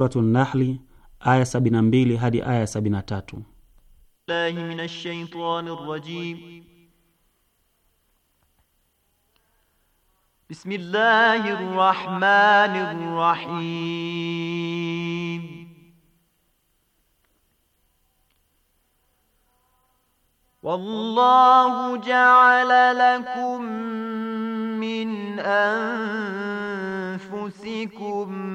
Suratu Nahli aya mbili hadi aya 73. Billahi minash shaitani rajim. Bismillahir rahmanir rahim. والله جعل لكم من أنفسكم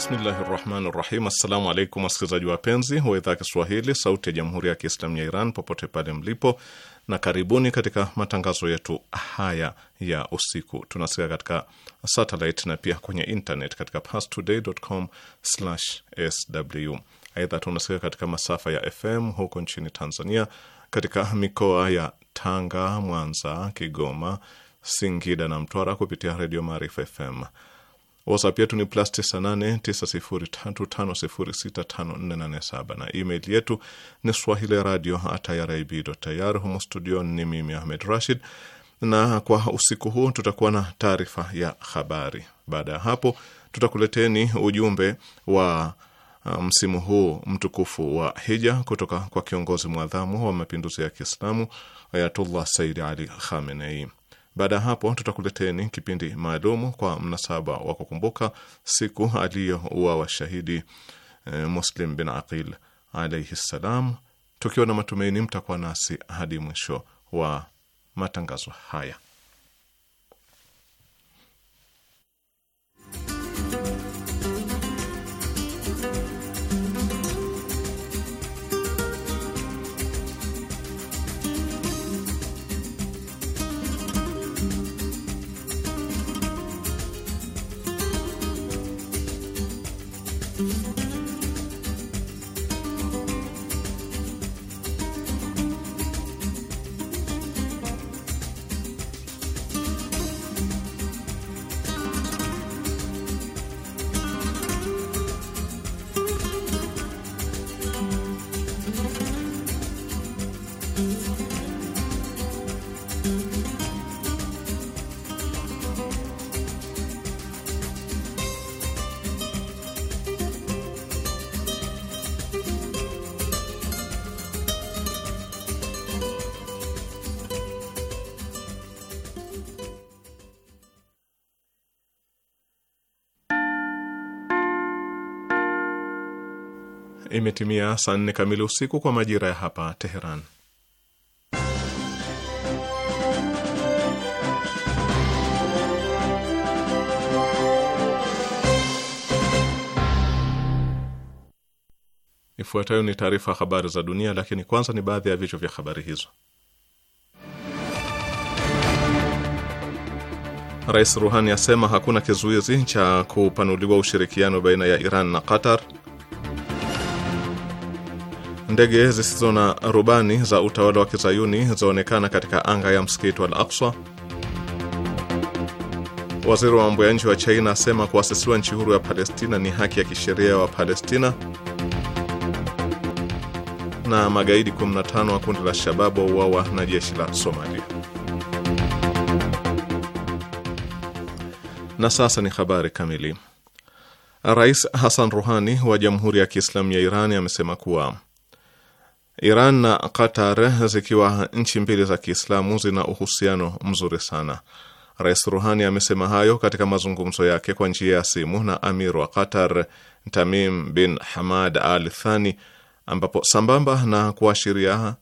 Bismillahi rahmani rahim. Assalamu alaikum wasikilizaji wapenzi wa idhaa ya Kiswahili sauti ya jamhuri ya Kiislamu ya Iran popote pale mlipo, na karibuni katika matangazo yetu haya ya usiku. Tunasikia katika satellite na pia kwenye internet katika pastoday.com/sw. Aidha, tunasikia katika masafa ya FM huko nchini Tanzania katika mikoa ya Tanga, Mwanza, Kigoma, Singida na Mtwara kupitia redio Maarifa FM. WhatsApp yetu ni plus 989035065487 na email yetu ni swahili radio irib.ir. Humo studio ni mimi Ahmed Rashid, na kwa usiku huu tutakuwa na taarifa ya habari. Baada ya hapo, tutakuleteni ujumbe wa um, msimu um, huu mtukufu wa hija kutoka kwa kiongozi mwadhamu wa mapinduzi ya Kiislamu Ayatullah Sayyid Ali Khamenei. Baada ya hapo tutakuleteni kipindi maalumu kwa mnasaba wa kukumbuka siku aliyoua washahidi e, eh, Muslim bin Aqil alaihi ssalam, tukiwa na matumaini mtakuwa nasi hadi mwisho wa matangazo haya. imetimia saa nne kamili usiku kwa majira ya hapa Teheran. Ifuatayo ni taarifa habari za dunia, lakini kwanza ni baadhi ya vichwa vya habari hizo. Rais Ruhani asema hakuna kizuizi cha kupanuliwa ushirikiano baina ya Iran na Qatar. Ndege zisizo na rubani za utawala wa kizayuni zaonekana katika anga ya msikiti Al Aqsa. Waziri wa mambo ya nje wa China asema kuasisiwa nchi huru ya Palestina ni haki ya kisheria wa Palestina. Na magaidi 15 wa kundi la Shababu wauawa na jeshi la Somalia. Na sasa ni habari kamili. Rais Hassan ruhani wa Jamhuri ya Kiislamu ya Iran amesema kuwa Iran na Qatar zikiwa nchi mbili za Kiislamu zina uhusiano mzuri sana. Rais Ruhani amesema hayo katika mazungumzo yake kwa njia ya simu na amir wa Qatar Tamim bin Hamad Al Thani, ambapo sambamba na kuashiria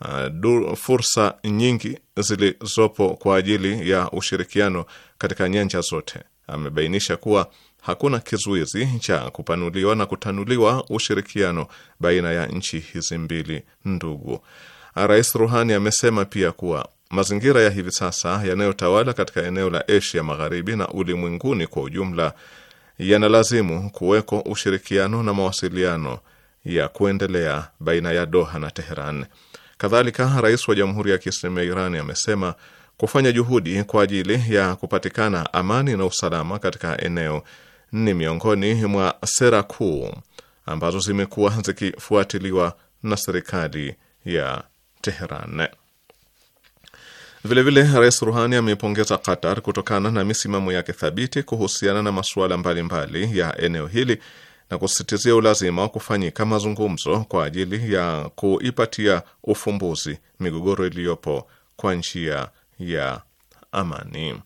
uh, fursa nyingi zilizopo kwa ajili ya ushirikiano katika nyanja zote, amebainisha kuwa hakuna kizuizi cha kupanuliwa na kutanuliwa ushirikiano baina ya nchi hizi mbili ndugu. Rais Ruhani amesema pia kuwa mazingira ya hivi sasa yanayotawala katika eneo la Asia Magharibi na ulimwenguni kwa ujumla yanalazimu kuweko ushirikiano na mawasiliano ya kuendelea baina ya Doha na Teheran. Kadhalika, rais wa Jamhuri ya Kiislamu ya Iran amesema kufanya juhudi kwa ajili ya kupatikana amani na usalama katika eneo ni miongoni mwa sera kuu ambazo zimekuwa zikifuatiliwa na serikali ya Teheran. Vilevile, Rais Ruhani ameipongeza Qatar kutokana na misimamo yake thabiti kuhusiana na masuala mbalimbali ya eneo hili na kusisitizia ulazima wa kufanyika mazungumzo kwa ajili ya kuipatia ufumbuzi migogoro iliyopo kwa njia ya amani.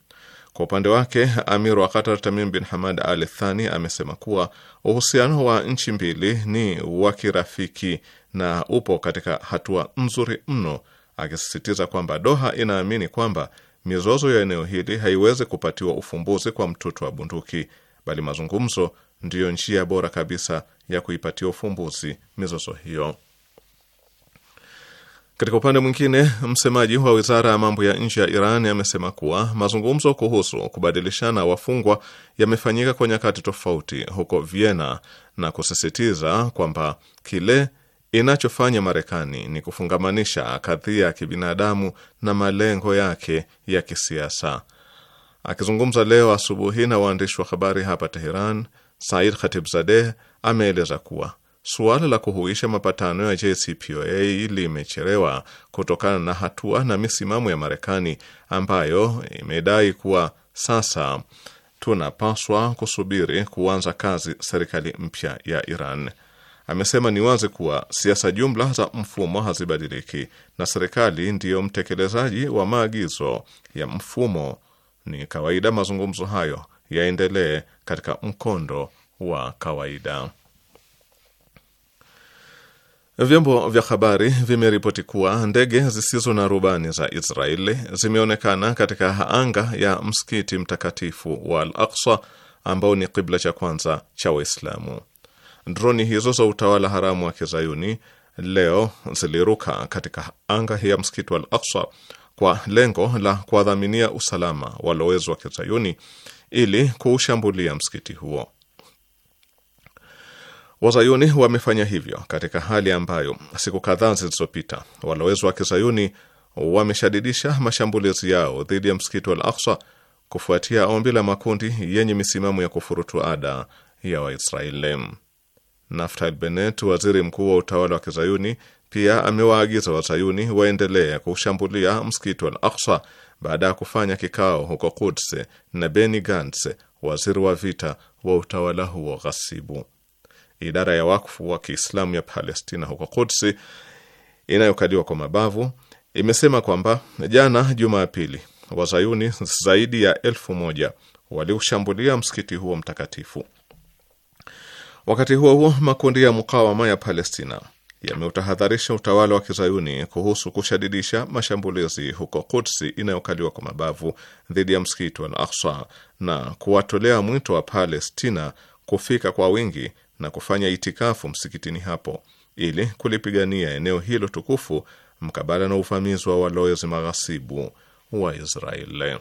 Kwa upande wake Amir wa Qatar Tamim bin Hamad Al Thani amesema kuwa uhusiano wa nchi mbili ni wa kirafiki na upo katika hatua nzuri mno, akisisitiza kwamba Doha inaamini kwamba mizozo ya eneo hili haiwezi kupatiwa ufumbuzi kwa mtutu wa bunduki, bali mazungumzo ndiyo njia bora kabisa ya kuipatia ufumbuzi mizozo hiyo. Katika upande mwingine, msemaji wa wizara ya mambo ya nje ya Iran amesema kuwa mazungumzo kuhusu kubadilishana wafungwa yamefanyika kwa nyakati tofauti huko Vienna na kusisitiza kwamba kile inachofanya Marekani ni kufungamanisha kadhia ya kibinadamu na malengo yake ya kisiasa. Akizungumza leo asubuhi na waandishi wa habari hapa Teheran, Said Khatibzadeh ameeleza kuwa suala la kuhuisha mapatano ya JCPOA limechelewa kutokana na hatua na misimamo ya Marekani ambayo imedai kuwa sasa tunapaswa kusubiri kuanza kazi serikali mpya ya Iran. Amesema ni wazi kuwa siasa jumla za mfumo hazibadiliki na serikali ndiyo mtekelezaji wa maagizo ya mfumo. Ni kawaida mazungumzo hayo yaendelee katika mkondo wa kawaida. Vyombo vya habari vimeripoti kuwa ndege zisizo na rubani za Israeli zimeonekana katika anga ya msikiti mtakatifu wa Al Aksa ambao ni kibla cha kwanza cha Waislamu. Droni hizo za utawala haramu wa kizayuni leo ziliruka katika anga ya msikiti wa Al Aksa kwa lengo la kuwadhaminia usalama walowezi wa kizayuni ili kuushambulia msikiti huo. Wazayuni wamefanya hivyo katika hali ambayo siku kadhaa zilizopita walowezi wa kizayuni wameshadidisha mashambulizi yao dhidi ya msikiti Al Aksa kufuatia ombi la makundi yenye misimamo ya kufurutu ada ya Waisraeli. Naftali Bennett, waziri mkuu wa utawala wa kizayuni, pia amewaagiza wazayuni waendelee kushambulia msikiti Al Aksa baada ya kufanya kikao huko kudse na Beni Gantz, waziri wa vita wa utawala huo ghasibu idara ya wakfu wa Kiislamu ya Palestina huko Kudsi inayokaliwa kwa mabavu imesema kwamba jana Jumapili wazayuni zaidi ya elfu moja waliushambulia msikiti huo mtakatifu. Wakati huo huo, makundi ya mukawama ya Palestina yameutahadharisha utawala wa kizayuni kuhusu kushadidisha mashambulizi huko Kudsi inayokaliwa kwa mabavu dhidi ya msikiti wa Al-Aqsa na kuwatolea mwito wa Palestina kufika kwa wingi na kufanya itikafu msikitini hapo ili kulipigania eneo hilo tukufu mkabala na uvamizi wa walowezi maghasibu wa Israeli.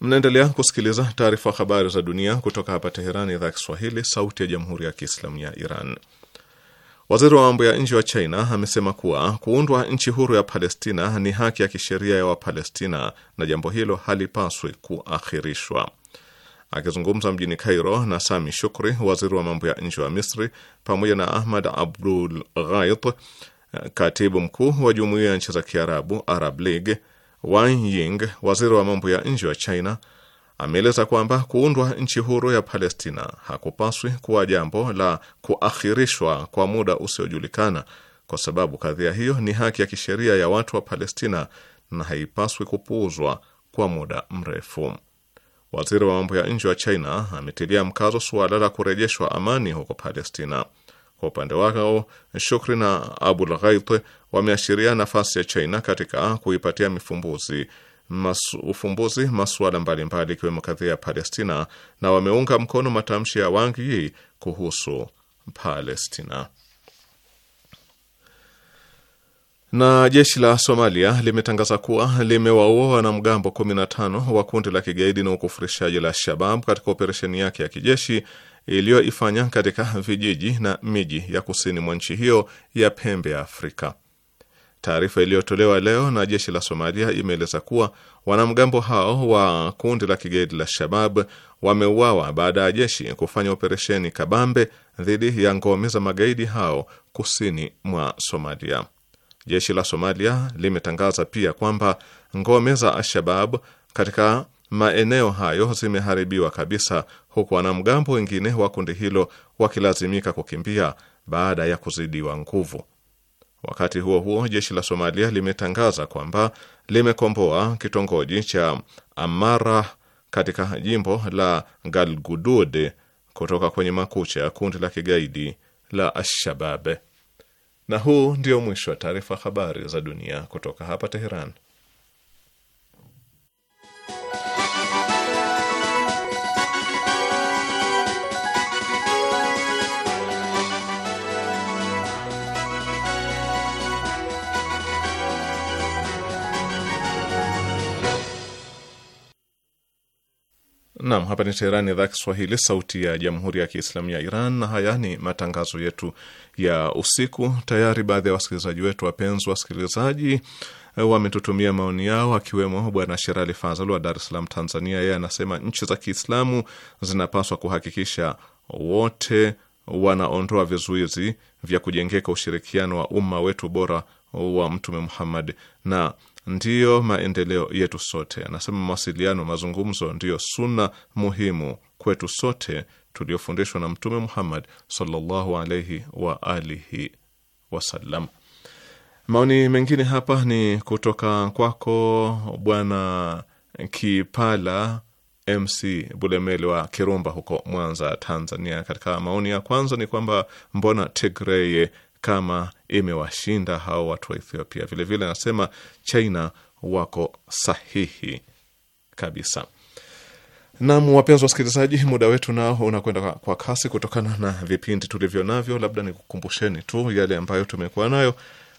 Mnaendelea kusikiliza taarifa habari za dunia kutoka hapa Teherani, idhaa ya Kiswahili, sauti ya jamhuri ya kiislamu ya Iran. Waziri wa mambo ya nje wa China amesema kuwa kuundwa nchi huru ya Palestina ni haki ya kisheria ya Wapalestina na jambo hilo halipaswi kuakhirishwa. Akizungumza mjini Cairo na Sami Shukri, waziri wa mambo ya nje wa Misri, pamoja na Ahmad Abdul Ghait, katibu mkuu wa jumuiya ya nchi za Kiarabu, Arab League, Wang Ying, waziri wa mambo ya nje wa China, ameeleza kwamba kuundwa nchi huru ya Palestina hakupaswi kuwa jambo la kuakhirishwa kwa muda usiojulikana, kwa sababu kadhia hiyo ni haki ya kisheria ya watu wa Palestina na haipaswi kupuuzwa kwa muda mrefu. Waziri wa mambo ya nje wa China ametilia mkazo suala la kurejeshwa amani huko Palestina. Kwa upande wao, Shukri na Abul Ghaith wameashiria nafasi ya China katika kuipatia mifumbuzi Mas, ufumbuzi masuala mbalimbali ikiwemo kadhia ya Palestina na wameunga mkono matamshi ya Wang Yi kuhusu Palestina. Na jeshi la Somalia limetangaza kuwa limewaua wanamgambo 15 wa kundi la kigaidi na ukufurishaji la Shabab katika operesheni yake ya kijeshi iliyoifanya katika vijiji na miji ya kusini mwa nchi hiyo ya pembe ya Afrika. Taarifa iliyotolewa leo na jeshi la Somalia imeeleza kuwa wanamgambo hao wa kundi la kigaidi la Shabab wameuawa baada ya jeshi kufanya operesheni kabambe dhidi ya ngome za magaidi hao kusini mwa Somalia. Jeshi la Somalia limetangaza pia kwamba ngome za Al-Shabab katika maeneo hayo zimeharibiwa kabisa, huku wanamgambo wengine wa kundi hilo wakilazimika kukimbia baada ya kuzidiwa nguvu. Wakati huo huo, jeshi la Somalia limetangaza kwamba limekomboa kitongoji cha Amara katika jimbo la Galgudud kutoka kwenye makucha ya kundi la kigaidi la Al-Shabab. Na huu ndio mwisho wa taarifa habari za dunia kutoka hapa Teheran. Naam, hapa ni Teherani, idhaa Kiswahili, sauti ya jamhuri ya kiislamu ya Iran, na haya ni matangazo yetu ya usiku. Tayari baadhi ya wasikilizaji wetu wapenzi wasikilizaji wametutumia maoni yao, akiwemo Bwana Sherali Fazal wa Dar es Salaam, Tanzania. Yeye anasema nchi za Kiislamu zinapaswa kuhakikisha wote wanaondoa vizuizi vya kujengeka ushirikiano wa umma wetu bora wa Mtume Muhammad na ndiyo maendeleo yetu sote. Anasema mawasiliano, mazungumzo ndiyo suna muhimu kwetu sote tuliofundishwa na Mtume Muhammad sallallahu alaihi wa alihi wasallam. Maoni mengine hapa ni kutoka kwako Bwana Kipala MC Bulemele wa Kirumba huko Mwanza, Tanzania. Katika maoni ya kwanza ni kwamba mbona Tigray kama imewashinda hao watu wa Ethiopia. Vilevile anasema vile China wako sahihi kabisa. Nam, wapenzi wasikilizaji, muda wetu nao unakwenda kwa kasi kutokana na vipindi tulivyo navyo. Labda nikukumbusheni tu yale ambayo tumekuwa nayo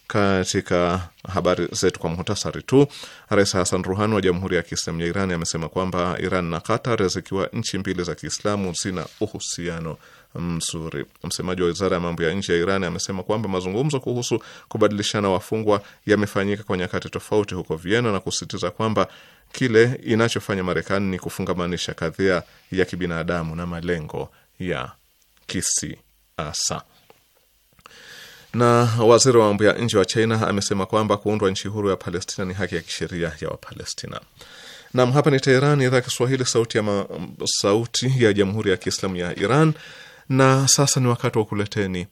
katika habari zetu kwa muhtasari tu. Rais Hasan Ruhani wa Jamhuri ya Kiislamu ya Iran amesema kwamba Iran na Qatar zikiwa nchi mbili za Kiislamu zina uhusiano mzuri. Msemaji wa wizara ya mambo ya nje ya Iran amesema kwamba mazungumzo kuhusu kubadilishana wafungwa yamefanyika kwa nyakati tofauti huko Vienna na kusisitiza kwamba kile inachofanya Marekani ni kufungamanisha kadhia ya kibinadamu na malengo ya kisiasa. Na waziri wa mambo ya nje wa China amesema kwamba kuundwa nchi huru ya Palestina ni haki ya kisheria ya Wapalestina. Nam, hapa ni Teheran, idhaa ya Kiswahili, sauti ya, ma, sauti ya jamhuri ya kiislamu ya Iran. Na sasa ni wakati wa kuleteni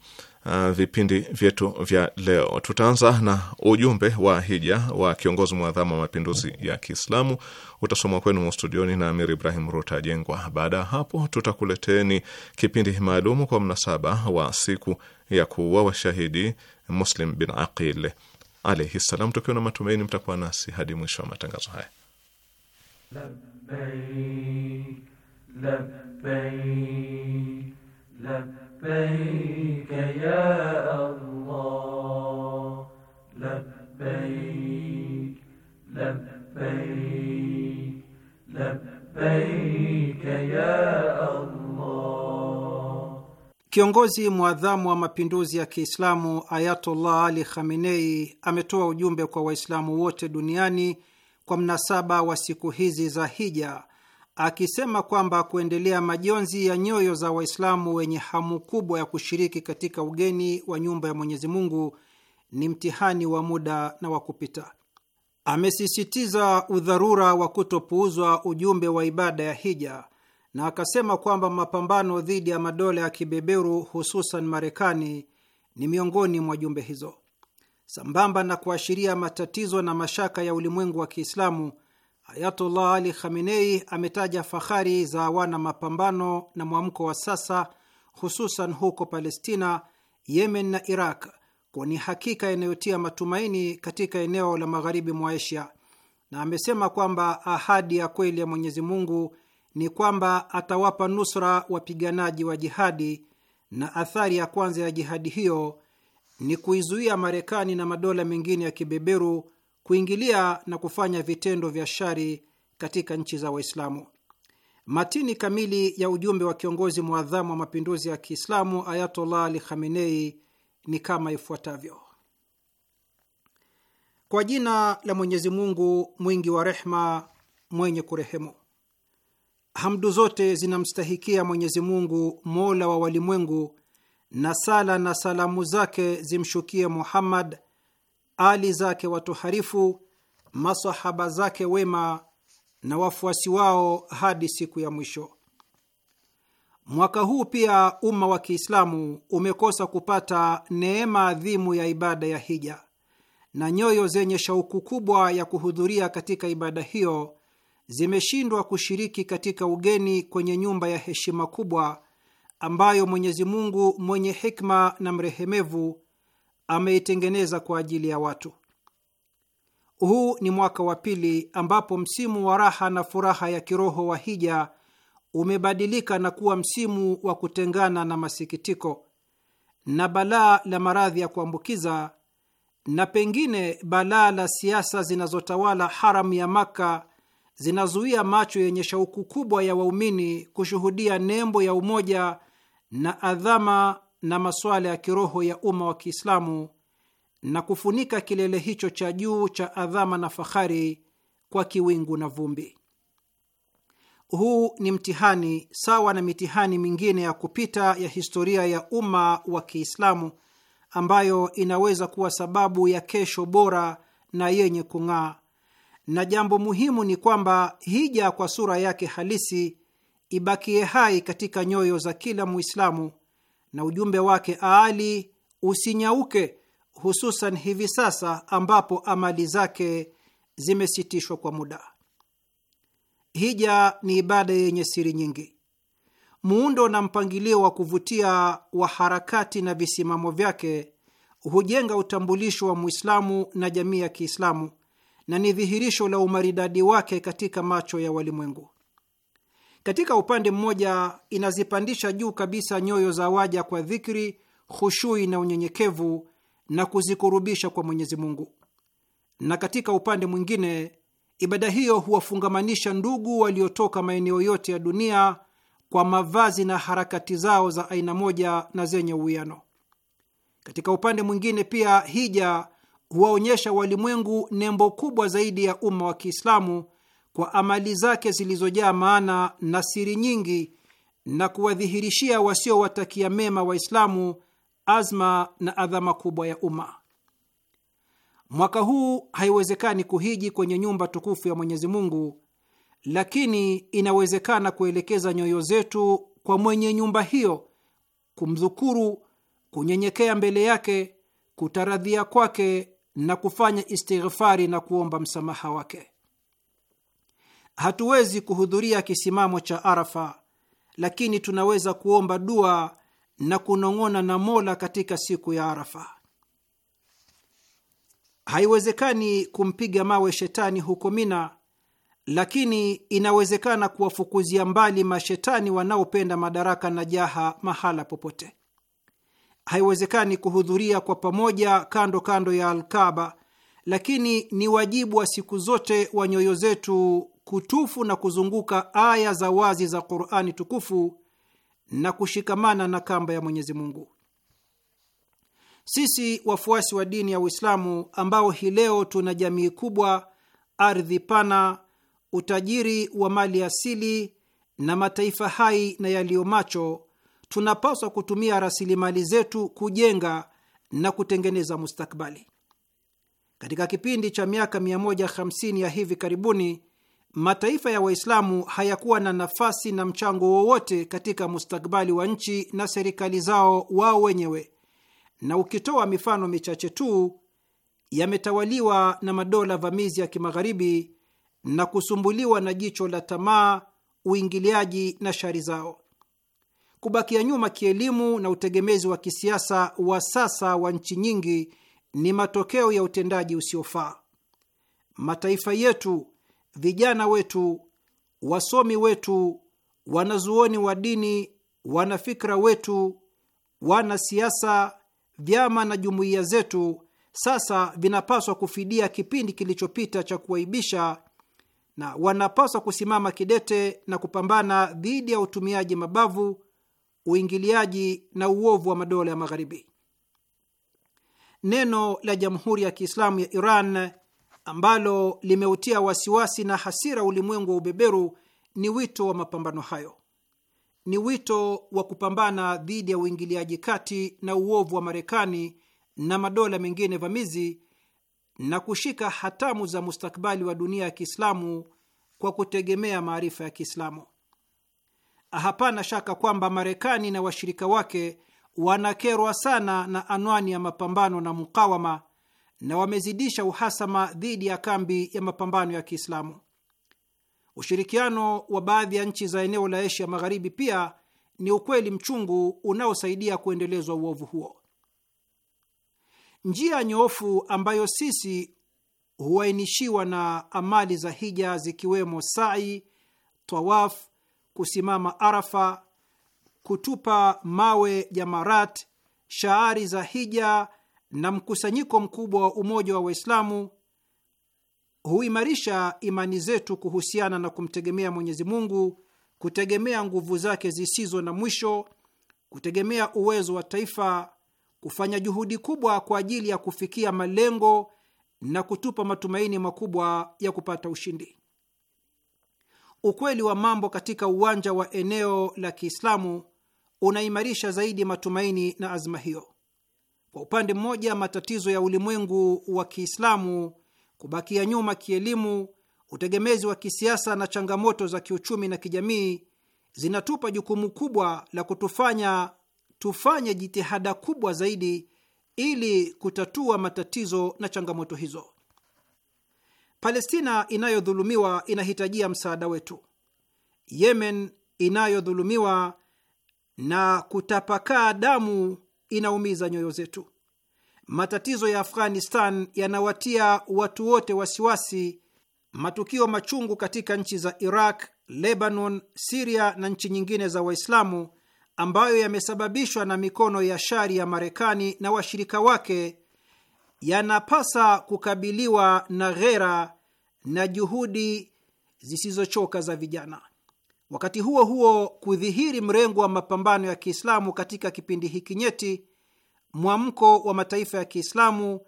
uh, vipindi vyetu vya leo. Tutaanza na ujumbe wa hija wa kiongozi mwadhama wa mapinduzi ya Kiislamu, utasomwa kwenu mstudioni na Amir Ibrahim Ruta Jengwa. Baada ya hapo, tutakuleteni kipindi maalumu kwa mnasaba wa siku ya kuua washahidi Muslim bin Aqil alaihi ssalam. tukiwa na matumaini mtakuwa nasi hadi mwisho wa matangazo haya. Labbaik, labbaik. Kiongozi mwadhamu wa mapinduzi ya Kiislamu Ayatollah Ali Khamenei ametoa ujumbe kwa Waislamu wote duniani kwa mnasaba wa siku hizi za hija akisema kwamba kuendelea majonzi ya nyoyo za Waislamu wenye hamu kubwa ya kushiriki katika ugeni wa nyumba ya Mwenyezi Mungu ni mtihani wa muda na wa kupita. Amesisitiza udharura wa kutopuuzwa ujumbe wa ibada ya hija na akasema kwamba mapambano dhidi ya madola ya kibeberu hususan Marekani ni miongoni mwa jumbe hizo, sambamba na kuashiria matatizo na mashaka ya ulimwengu wa Kiislamu. Ayatullah Ali Khamenei ametaja fahari za wana mapambano na mwamko wa sasa, hususan huko Palestina, Yemen na Iraq, kwa ni hakika inayotia matumaini katika eneo la magharibi mwa Asia, na amesema kwamba ahadi ya kweli ya Mwenyezi Mungu ni kwamba atawapa nusra wapiganaji wa jihadi, na athari ya kwanza ya jihadi hiyo ni kuizuia Marekani na madola mengine ya kibeberu kuingilia na kufanya vitendo vya shari katika nchi za Waislamu. Matini kamili ya ujumbe wa kiongozi mwadhamu wa mapinduzi ya Kiislamu Ayatollah Ali Khamenei ni kama ifuatavyo: kwa jina la Mwenyezi Mungu mwingi wa rehma, mwenye kurehemu. Hamdu zote zinamstahikia Mwenyezi Mungu, mola wa walimwengu, na sala na salamu zake zimshukie Muhammad ali zake watoharifu, masahaba zake wema na wafuasi wao hadi siku ya mwisho. Mwaka huu pia umma wa Kiislamu umekosa kupata neema adhimu ya ibada ya hija na nyoyo zenye shauku kubwa ya kuhudhuria katika ibada hiyo zimeshindwa kushiriki katika ugeni kwenye nyumba ya heshima kubwa ambayo Mwenyezi Mungu mwenye hikma na mrehemevu ameitengeneza kwa ajili ya watu. Huu ni mwaka wa pili ambapo msimu wa raha na furaha ya kiroho wa hija umebadilika na kuwa msimu wa kutengana na masikitiko na balaa la maradhi ya kuambukiza na pengine balaa la siasa zinazotawala haramu ya Maka zinazuia macho yenye shauku kubwa ya waumini kushuhudia nembo ya umoja na adhama na masuala ya kiroho ya umma wa Kiislamu na kufunika kilele hicho cha juu cha adhama na fahari kwa kiwingu na vumbi. Huu ni mtihani sawa na mitihani mingine ya kupita ya historia ya umma wa Kiislamu ambayo inaweza kuwa sababu ya kesho bora na yenye kung'aa. Na jambo muhimu ni kwamba hija kwa sura yake halisi ibakie hai katika nyoyo za kila Muislamu na ujumbe wake aali usinyauke, hususan hivi sasa ambapo amali zake zimesitishwa kwa muda. Hija ni ibada yenye siri nyingi. Muundo na mpangilio wa kuvutia wa harakati na visimamo vyake hujenga utambulisho wa Muislamu na jamii ya Kiislamu na ni dhihirisho la umaridadi wake katika macho ya walimwengu. Katika upande mmoja, inazipandisha juu kabisa nyoyo za waja kwa dhikri, khushui na unyenyekevu na kuzikurubisha kwa Mwenyezi Mungu, na katika upande mwingine, ibada hiyo huwafungamanisha ndugu waliotoka maeneo yote ya dunia kwa mavazi na harakati zao za aina moja na zenye uwiano. Katika upande mwingine pia, hija huwaonyesha walimwengu nembo kubwa zaidi ya umma wa Kiislamu kwa amali zake zilizojaa maana na siri nyingi na kuwadhihirishia wasiowatakia mema Waislamu azma na adhama kubwa ya umma. Mwaka huu haiwezekani kuhiji kwenye nyumba tukufu ya Mwenyezi Mungu, lakini inawezekana kuelekeza nyoyo zetu kwa mwenye nyumba hiyo, kumdhukuru, kunyenyekea mbele yake, kutaradhia kwake na kufanya istighfari na kuomba msamaha wake. Hatuwezi kuhudhuria kisimamo cha Arafa, lakini tunaweza kuomba dua na kunong'ona na Mola katika siku ya Arafa. Haiwezekani kumpiga mawe shetani huko Mina, lakini inawezekana kuwafukuzia mbali mashetani wanaopenda madaraka na jaha mahala popote. Haiwezekani kuhudhuria kwa pamoja kando kando ya Alkaba, lakini ni wajibu wa siku zote wa nyoyo zetu kutufu na kuzunguka aya za wazi za Qurani tukufu na kushikamana na kamba ya Mwenyezi Mungu. Sisi wafuasi wa dini ya Uislamu ambao hii leo tuna jamii kubwa, ardhi pana, utajiri wa mali asili na mataifa hai na yaliyo macho, tunapaswa kutumia rasilimali zetu kujenga na kutengeneza mustakbali. Katika kipindi cha miaka 150 ya hivi karibuni mataifa ya Waislamu hayakuwa na nafasi na mchango wowote katika mustakbali wa nchi na serikali zao wao wenyewe, na ukitoa mifano michache tu, yametawaliwa na madola vamizi ya kimagharibi na kusumbuliwa na jicho la tamaa, uingiliaji na shari zao. Kubakia nyuma kielimu na utegemezi wa kisiasa wa sasa wa nchi nyingi ni matokeo ya utendaji usiofaa. Mataifa yetu vijana wetu, wasomi wetu, wanazuoni wa dini, wanafikra wetu, wanasiasa, vyama na jumuiya zetu sasa vinapaswa kufidia kipindi kilichopita cha kuwaibisha na wanapaswa kusimama kidete na kupambana dhidi ya utumiaji mabavu, uingiliaji na uovu wa madola ya Magharibi. Neno la Jamhuri ya Kiislamu ya Iran ambalo limeutia wasiwasi na hasira ulimwengu wa ubeberu ni wito wa mapambano hayo, ni wito wa kupambana dhidi ya uingiliaji kati na uovu wa Marekani na madola mengine vamizi na kushika hatamu za mustakabali wa dunia ya Kiislamu kwa kutegemea maarifa ya Kiislamu. Hapana shaka kwamba Marekani na washirika wake wanakerwa sana na anwani ya mapambano na mukawama na wamezidisha uhasama dhidi ya kambi ya mapambano ya Kiislamu. Ushirikiano wa baadhi ya nchi za eneo la Asia Magharibi pia ni ukweli mchungu unaosaidia kuendelezwa uovu huo. Njia nyoofu ambayo sisi huainishiwa na amali za hija zikiwemo sai, tawaf, kusimama Arafa, kutupa mawe jamarat, shaari za hija na mkusanyiko mkubwa wa umoja wa Waislamu huimarisha imani zetu kuhusiana na kumtegemea Mwenyezi Mungu, kutegemea nguvu zake zisizo na mwisho, kutegemea uwezo wa taifa, kufanya juhudi kubwa kwa ajili ya kufikia malengo na kutupa matumaini makubwa ya kupata ushindi. Ukweli wa mambo katika uwanja wa eneo la Kiislamu unaimarisha zaidi matumaini na azma hiyo. Kwa upande mmoja, matatizo ya ulimwengu wa Kiislamu, kubakia nyuma kielimu, utegemezi wa kisiasa na changamoto za kiuchumi na kijamii zinatupa jukumu kubwa la kutufanya tufanye jitihada kubwa zaidi ili kutatua matatizo na changamoto hizo. Palestina inayodhulumiwa inahitajia msaada wetu. Yemen inayodhulumiwa na kutapakaa damu inaumiza nyoyo zetu. Matatizo ya Afghanistan yanawatia watu wote wasiwasi. Matukio machungu katika nchi za Iraq, Lebanon, Siria na nchi nyingine za Waislamu ambayo yamesababishwa na mikono ya shari ya Marekani na washirika wake yanapasa kukabiliwa na ghera na juhudi zisizochoka za vijana. Wakati huo huo, kudhihiri mrengo wa mapambano ya Kiislamu katika kipindi hiki nyeti, mwamko wa mataifa ya Kiislamu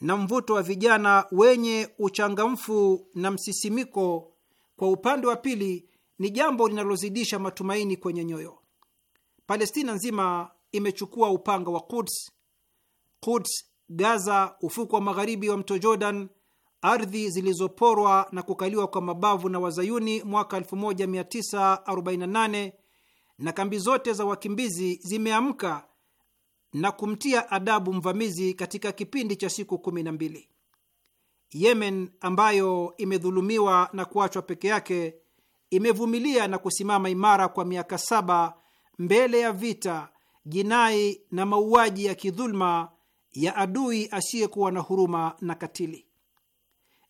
na mvuto wa vijana wenye uchangamfu na msisimiko, kwa upande wa pili, ni jambo linalozidisha matumaini kwenye nyoyo. Palestina nzima imechukua upanga wa Quds. Quds, Gaza, ufuko wa magharibi wa mto Jordan ardhi zilizoporwa na kukaliwa kwa mabavu na wazayuni mwaka 1948 na kambi zote za wakimbizi zimeamka na kumtia adabu mvamizi katika kipindi cha siku kumi na mbili. Yemen ambayo imedhulumiwa na kuachwa peke yake imevumilia na kusimama imara kwa miaka saba mbele ya vita, jinai na mauaji ya kidhuluma ya adui asiyekuwa na huruma na katili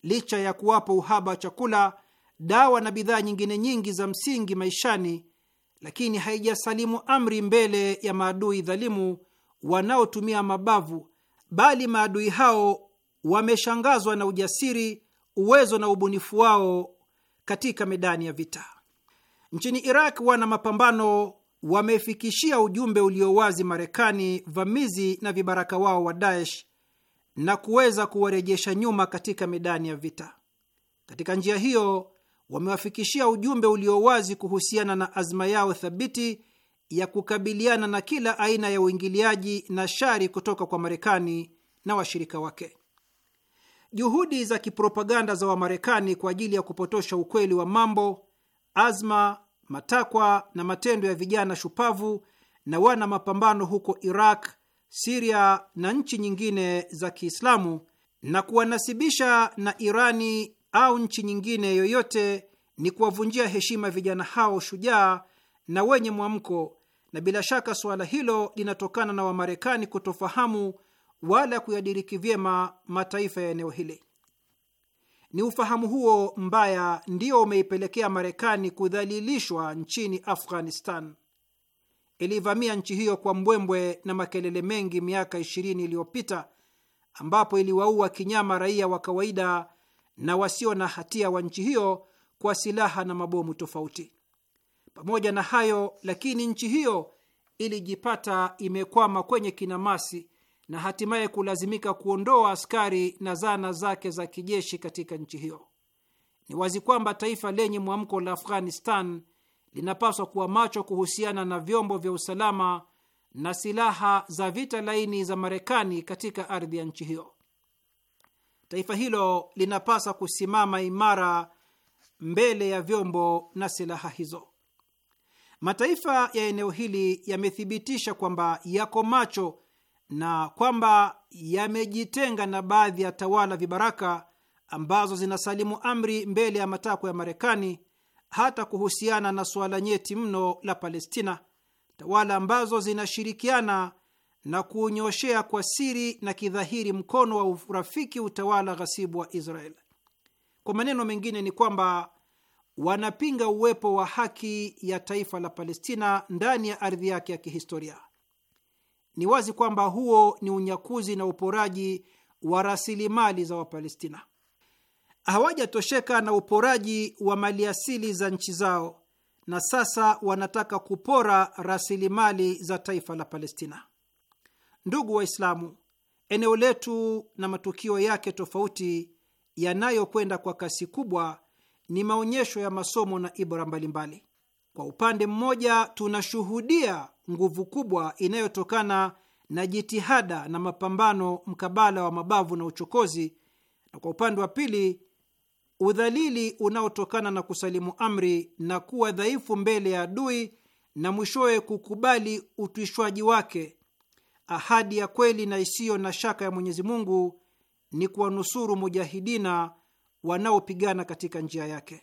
licha ya kuwapo uhaba wa chakula, dawa na bidhaa nyingine nyingi za msingi maishani, lakini haijasalimu amri mbele ya maadui dhalimu wanaotumia mabavu, bali maadui hao wameshangazwa na ujasiri, uwezo na ubunifu wao katika medani ya vita. Nchini Iraq, wana mapambano wamefikishia ujumbe ulio wazi Marekani vamizi na vibaraka wao wa Daesh na kuweza kuwarejesha nyuma katika midani ya vita. Katika njia hiyo wamewafikishia ujumbe ulio wazi kuhusiana na azma yao thabiti ya kukabiliana na kila aina ya uingiliaji na shari kutoka kwa Marekani na washirika wake. Juhudi za kipropaganda za Wamarekani kwa ajili ya kupotosha ukweli wa mambo, azma, matakwa na matendo ya vijana shupavu na wana mapambano huko Iraq Siria na nchi nyingine za Kiislamu na kuwanasibisha na Irani au nchi nyingine yoyote ni kuwavunjia heshima vijana hao shujaa na wenye mwamko, na bila shaka suala hilo linatokana na Wamarekani kutofahamu wala kuyadiriki vyema mataifa ya eneo hili. Ni ufahamu huo mbaya ndio umeipelekea Marekani kudhalilishwa nchini Afghanistan ilivamia nchi hiyo kwa mbwembwe na makelele mengi miaka ishirini iliyopita ambapo iliwaua kinyama raia wa kawaida na wasio na hatia wa nchi hiyo kwa silaha na mabomu tofauti. Pamoja na hayo lakini, nchi hiyo ilijipata imekwama kwenye kinamasi na hatimaye kulazimika kuondoa askari na zana zake za kijeshi katika nchi hiyo. Ni wazi kwamba taifa lenye mwamko la Afghanistan linapaswa kuwa macho kuhusiana na vyombo vya usalama na silaha za vita laini za Marekani katika ardhi ya nchi hiyo. Taifa hilo linapaswa kusimama imara mbele ya vyombo na silaha hizo. Mataifa ya eneo hili yamethibitisha kwamba yako macho na kwamba yamejitenga na baadhi ya tawala vibaraka ambazo zinasalimu amri mbele ya matakwa ya Marekani hata kuhusiana na suala nyeti mno la Palestina, tawala ambazo zinashirikiana na kuunyoshea kwa siri na kidhahiri mkono wa urafiki utawala ghasibu wa Israel. Kwa maneno mengine ni kwamba wanapinga uwepo wa haki ya taifa la Palestina ndani ya ardhi yake ya kihistoria. Ni wazi kwamba huo ni unyakuzi na uporaji wa rasilimali za Wapalestina hawajatosheka na uporaji wa maliasili za nchi zao na sasa wanataka kupora rasilimali za taifa la Palestina. Ndugu Waislamu, eneo letu na matukio yake tofauti yanayokwenda kwa kasi kubwa ni maonyesho ya masomo na ibra mbalimbali. Kwa upande mmoja, tunashuhudia nguvu kubwa inayotokana na jitihada na mapambano mkabala wa mabavu na uchokozi, na kwa upande wa pili udhalili unaotokana na kusalimu amri na kuwa dhaifu mbele ya adui, na mwishowe kukubali utwishwaji wake. Ahadi ya kweli na isiyo na shaka ya Mwenyezi Mungu ni kuwanusuru mujahidina wanaopigana katika njia yake.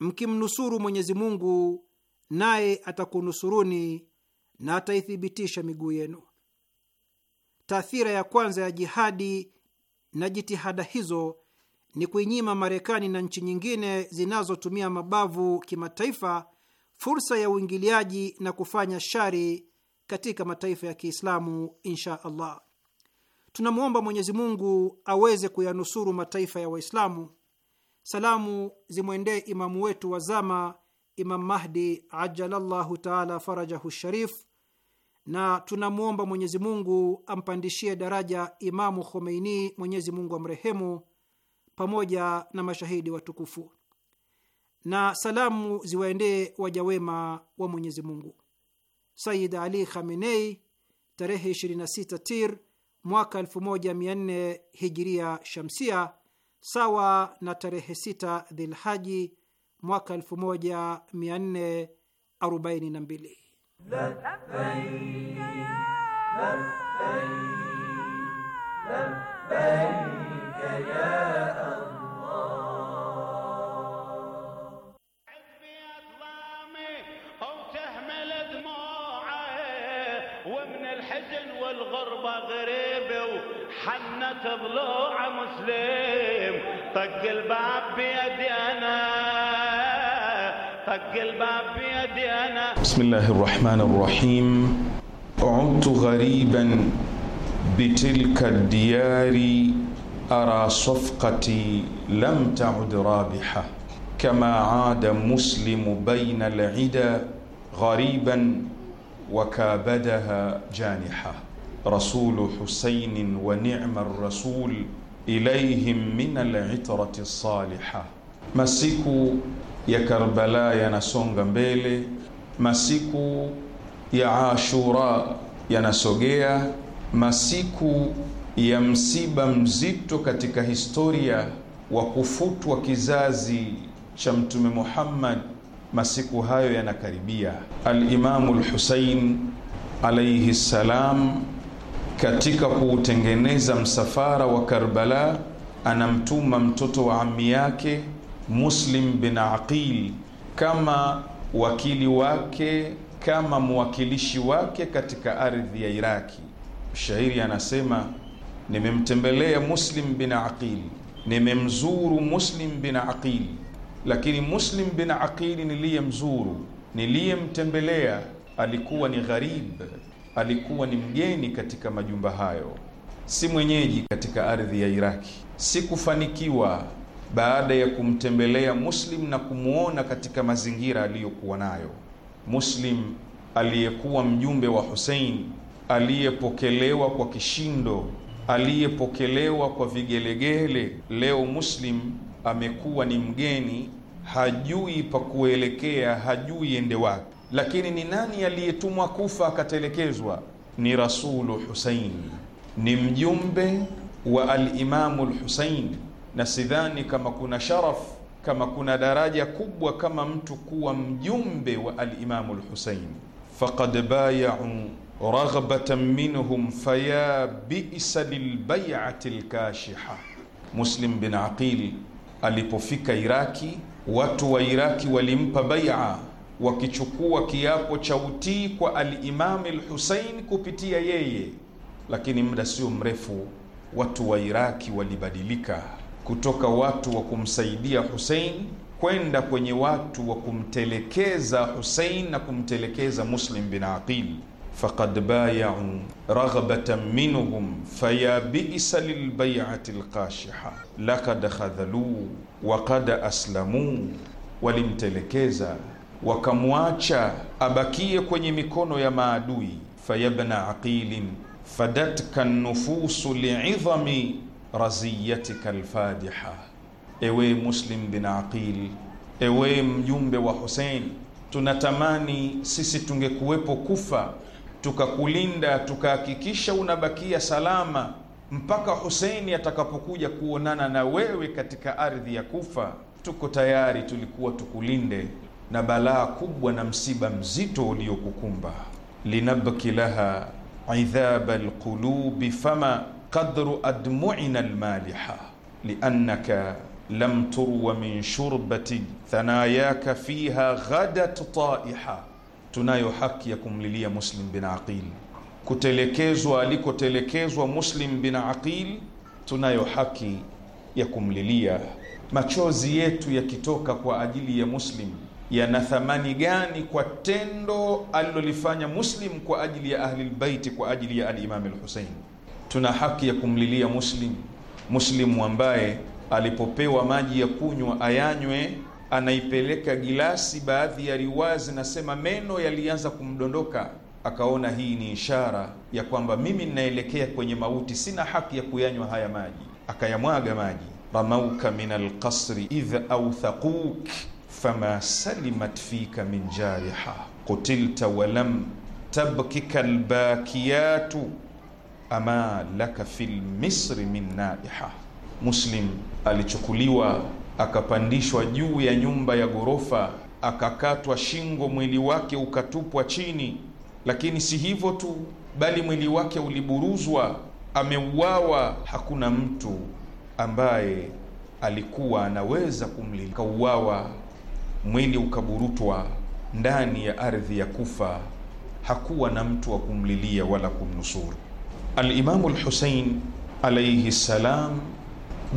Mkimnusuru Mwenyezi Mungu, naye atakunusuruni na ataithibitisha miguu yenu. Taathira ya kwanza ya jihadi na jitihada hizo ni kuinyima Marekani na nchi nyingine zinazotumia mabavu kimataifa fursa ya uingiliaji na kufanya shari katika mataifa ya Kiislamu. Insha Allah, tunamwomba Mwenyezi Mungu aweze kuyanusuru mataifa ya Waislamu. Salamu zimwendee imamu wetu wa zama, Imam Mahdi ajalallahu taala farajahu sharif, na tunamwomba Mwenyezi Mungu ampandishie daraja Imamu Khomeini, Mwenyezi Mungu amrehemu pamoja na mashahidi watukufu, na salamu ziwaendee wajawema wa Mwenyezi Mungu. Sayid Ali Khamenei, tarehe 26 Tir mwaka 1400 Hijiria Shamsia, sawa na tarehe 6 Dhilhaji mwaka 1442. Labbaik labbaik labbaik يا دموعي ومن الحزن والغربة غريبة وحنت ضلوع مسلم طق الباب بيدي أنا طق الباب بيدي أنا بسم الله الرحمن الرحيم عدت غريبا بتلك الديار ara safqati lam taud rabiha kama ada muslimu baina lida ghariban wakabadaha janiha rasulu husainin wa nima rasul ilaihim min alitrati saliha. Masiku ya Karbala yanasonga mbele, masiku ya Ashura yanasogea, masiku ya msiba mzito katika historia wa kufutwa kizazi cha Mtume Muhammad, masiku hayo yanakaribia. Alimamu Lhusein alaihi ssalam, katika kuutengeneza msafara wa Karbala, anamtuma mtoto wa ammi yake Muslim bin Aqil kama wakili wake, kama mwakilishi wake katika ardhi ya Iraki. Shairi anasema nimemtembelea Muslim bin Aqil, nimemzuru Muslim bin Aqil, lakini Muslim bin Aqil niliyemzuru, niliyemtembelea alikuwa ni gharib, alikuwa ni mgeni katika majumba hayo, si mwenyeji katika ardhi ya Iraki. Sikufanikiwa baada ya kumtembelea Muslim na kumwona katika mazingira aliyokuwa nayo Muslim, aliyekuwa mjumbe wa husein aliyepokelewa kwa kishindo aliyepokelewa kwa vigelegele. Leo Muslim amekuwa ni mgeni, hajui pa kuelekea, hajui ende wapi. Lakini ni nani aliyetumwa Kufa akatelekezwa? Ni Rasulu Husain, ni mjumbe wa Alimamu Lhusain, na sidhani kama kuna sharaf kama kuna daraja kubwa kama mtu kuwa mjumbe wa Alimamu Lhusain. faqad bayau raghbatan minhum faya bisa lilbaiati lkashiha. Muslim bin Aqil alipofika Iraki, watu wa Iraki walimpa baia wakichukua kiapo cha utii kwa Alimamu Lhusein kupitia yeye, lakini muda sio mrefu watu wa Iraki walibadilika kutoka watu wa kumsaidia Husein kwenda kwenye watu wa kumtelekeza Husein na kumtelekeza Muslim bin Aqil faqad bayau raghbatan minhum faya bisa lilbaiti lkashiha lakad khadhaluu wakad aslamuu, walimtelekeza wakamwacha abakie kwenye mikono ya maadui. Fayabna aqilin fadatka nufusu liidhami raziyatika lfadiha, ewe Muslim bin Aqil, ewe mjumbe wa Husein, tunatamani sisi tungekuwepo Kufa tukakulinda tukahakikisha unabakia salama mpaka Huseini atakapokuja kuonana na wewe katika ardhi ya Kufa. Tuko tayari, tulikuwa tukulinde na balaa kubwa na msiba mzito uliokukumba. linabki laha idhaba alqulubi fama qadru admu'ina almaliha liannaka lam turwa min shurbati thanayaka fiha ghadat taiha tunayo haki ya kumlilia Muslim bin Aqil. Kutelekezwa alikotelekezwa Muslim bin Aqil, tunayo haki ya kumlilia. Machozi yetu yakitoka kwa ajili ya Muslim yana thamani gani kwa tendo alilolifanya Muslim kwa ajili ya ahli Bait, kwa ajili ya Alimami lhusein Tuna haki ya kumlilia Muslim, Muslimu ambaye alipopewa maji ya kunywa ayanywe anaipeleka gilasi. Baadhi ya riwaya zinasema meno yalianza kumdondoka, akaona hii ni ishara ya kwamba mimi ninaelekea kwenye mauti, sina haki ya kuyanywa haya maji, akayamwaga maji. ramauka min alqasri idh authaquk fama salimat fika min jariha qutilta walam tabkika lbakiyatu ama laka fi lmisri min naiha. Muslim alichukuliwa akapandishwa juu ya nyumba ya ghorofa, akakatwa shingo, mwili wake ukatupwa chini. Lakini si hivyo tu, bali mwili wake uliburuzwa, ameuawa. Hakuna mtu ambaye alikuwa anaweza kumlinda. Kauawa, mwili ukaburutwa ndani ya ardhi ya Kufa. Hakuwa na mtu wa kumlilia wala kumnusuru. Alimamu Lhusein alaihi salam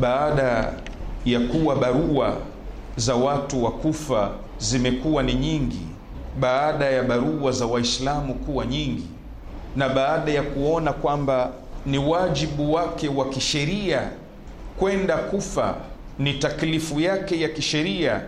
baada ya kuwa barua za watu wa Kufa zimekuwa ni nyingi baada ya barua za Waislamu kuwa nyingi na baada ya kuona kwamba ni wajibu wake wa kisheria kwenda Kufa, ni taklifu yake ya kisheria,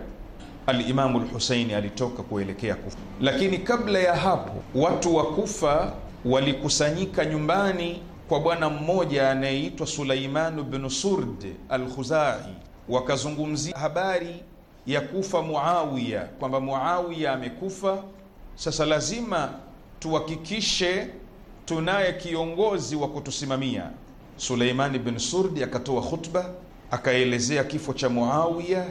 Alimamu Lhuseini alitoka kuelekea Kufa. Lakini kabla ya hapo, watu wa Kufa walikusanyika nyumbani kwa bwana mmoja anayeitwa Sulaimanu bnu Surd Alkhuzai wakazungumzia habari ya kufa Muawiya, kwamba Muawiya amekufa. Sasa lazima tuhakikishe tunaye kiongozi wa kutusimamia. Suleimani bin Surdi akatoa khutba, akaelezea kifo cha Muawiya